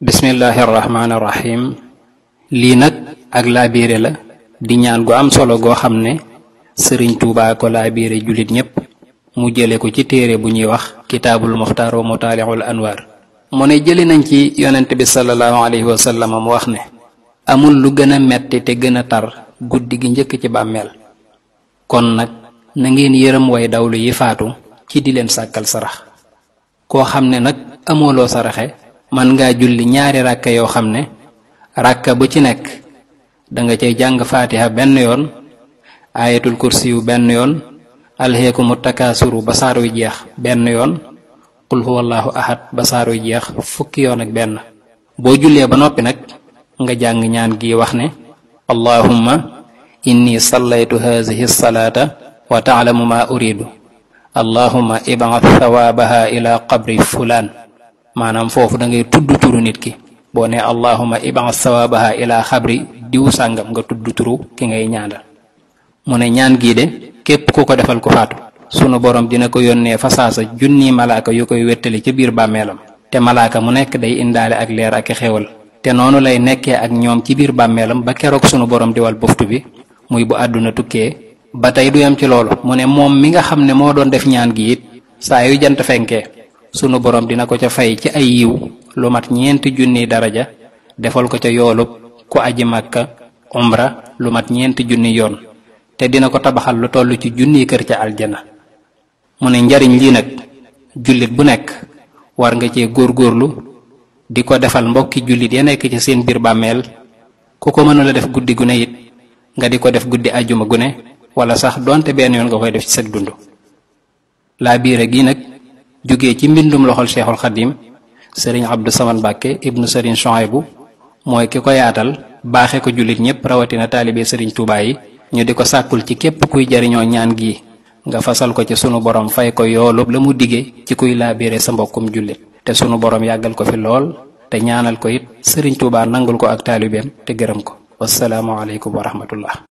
bismillahi lii nag ak laabiire la di ñaan gu am solo goo xam ne sëriñ tuubaa ko laabiire jullit ñépp mu jële ko ci téere bu ñuy wax kitaabul muxtaar wa mutaalixul anwaar mu ne jëli nañ ci yonent bi sallallahu alayhi wa mu wax ne amul lu gën a metti te gën a tar guddi gi njëkk ci bàmmeel kon nag na ngeen yërëm way dawlu yi faatu ci di leen sàkkal sarax koo xam ne nag amooloo saraxe man ngaa julli ñaari ràkk yoo xam ne ràkka bu ci nekk danga cay jàng faatiha benn yoon ayatul kursiyu benn yoon alxeekumu takaasuru ba saar wi jeex benn yoon qul huwallahu ahad ba saar wi jeex fukki yoon ak benn boo jullee ba noppi nag nga jàng ñaan gi wax ne allahumma inni sallaytu haadihi salaata wa taalamu ma uridu allahumma ib'ath thawaabaha ila qabri fulaan maanaam foofu da ngay tudd turu nit ki boo ne allahuma iban sawabaha ila xabri diwu sàngam nga tudd turu ki ngay ñaanal mu ne ñaan gii de képp ku ko defal ku faatu sunu borom dina ko yónnee fasaasa junni malaaka yu koy wettali ca biir bàmmeelam te malaaka mu nekk day indaale ak leer ak xewal te noonu lay nekkee ak ñoom ci biir bàmmeelam ba keroog sunu borom diwal boftu bi muy bu àdduna tukkee ba tey du yam ci loolu mu ne moom mi nga xam ne moo doon sunu borom dina ko ca fay ci ay yiw lu mat ñeenti junniy daraja defal ko ca yoolub ku aji màkka umra lu mat ñeenti junni yoon te dina ko tabaxal lu toll ci junniy kër ca aljana mu ne njariñ lii nag jullit bu nekk war nga cee góor góorlu di ko defal mbokki jullit ya nekk ci seen biir bàmmeel ku ko mënula def guddi gune it nga di ko def guddi ajuma gune wala sax donte benn yoon nga koy def ci sag dund laa biire gi nag jógee ci mbindum loxol cheikhul xadim sëriñ Abdou Saman Mbàkke ibnu sëriñ bu mooy ki ko yaatal baaxe ko jullit ñépp rawatina taalibe sëriñ Tuubaa yi ñu di ko sàkkul ci képp kuy jariñoo ñaan gi nga fasal ko ci sunu borom fay ko yoolub la mu digge ci kuy laabire sa mbokkum jullit te sunu borom yàggal ko fi lool te ñaanal ko it sëriñ Tuubaa nangul ko ak taalibeem te gërëm ko wasalaamu aleykum wa rahmatullah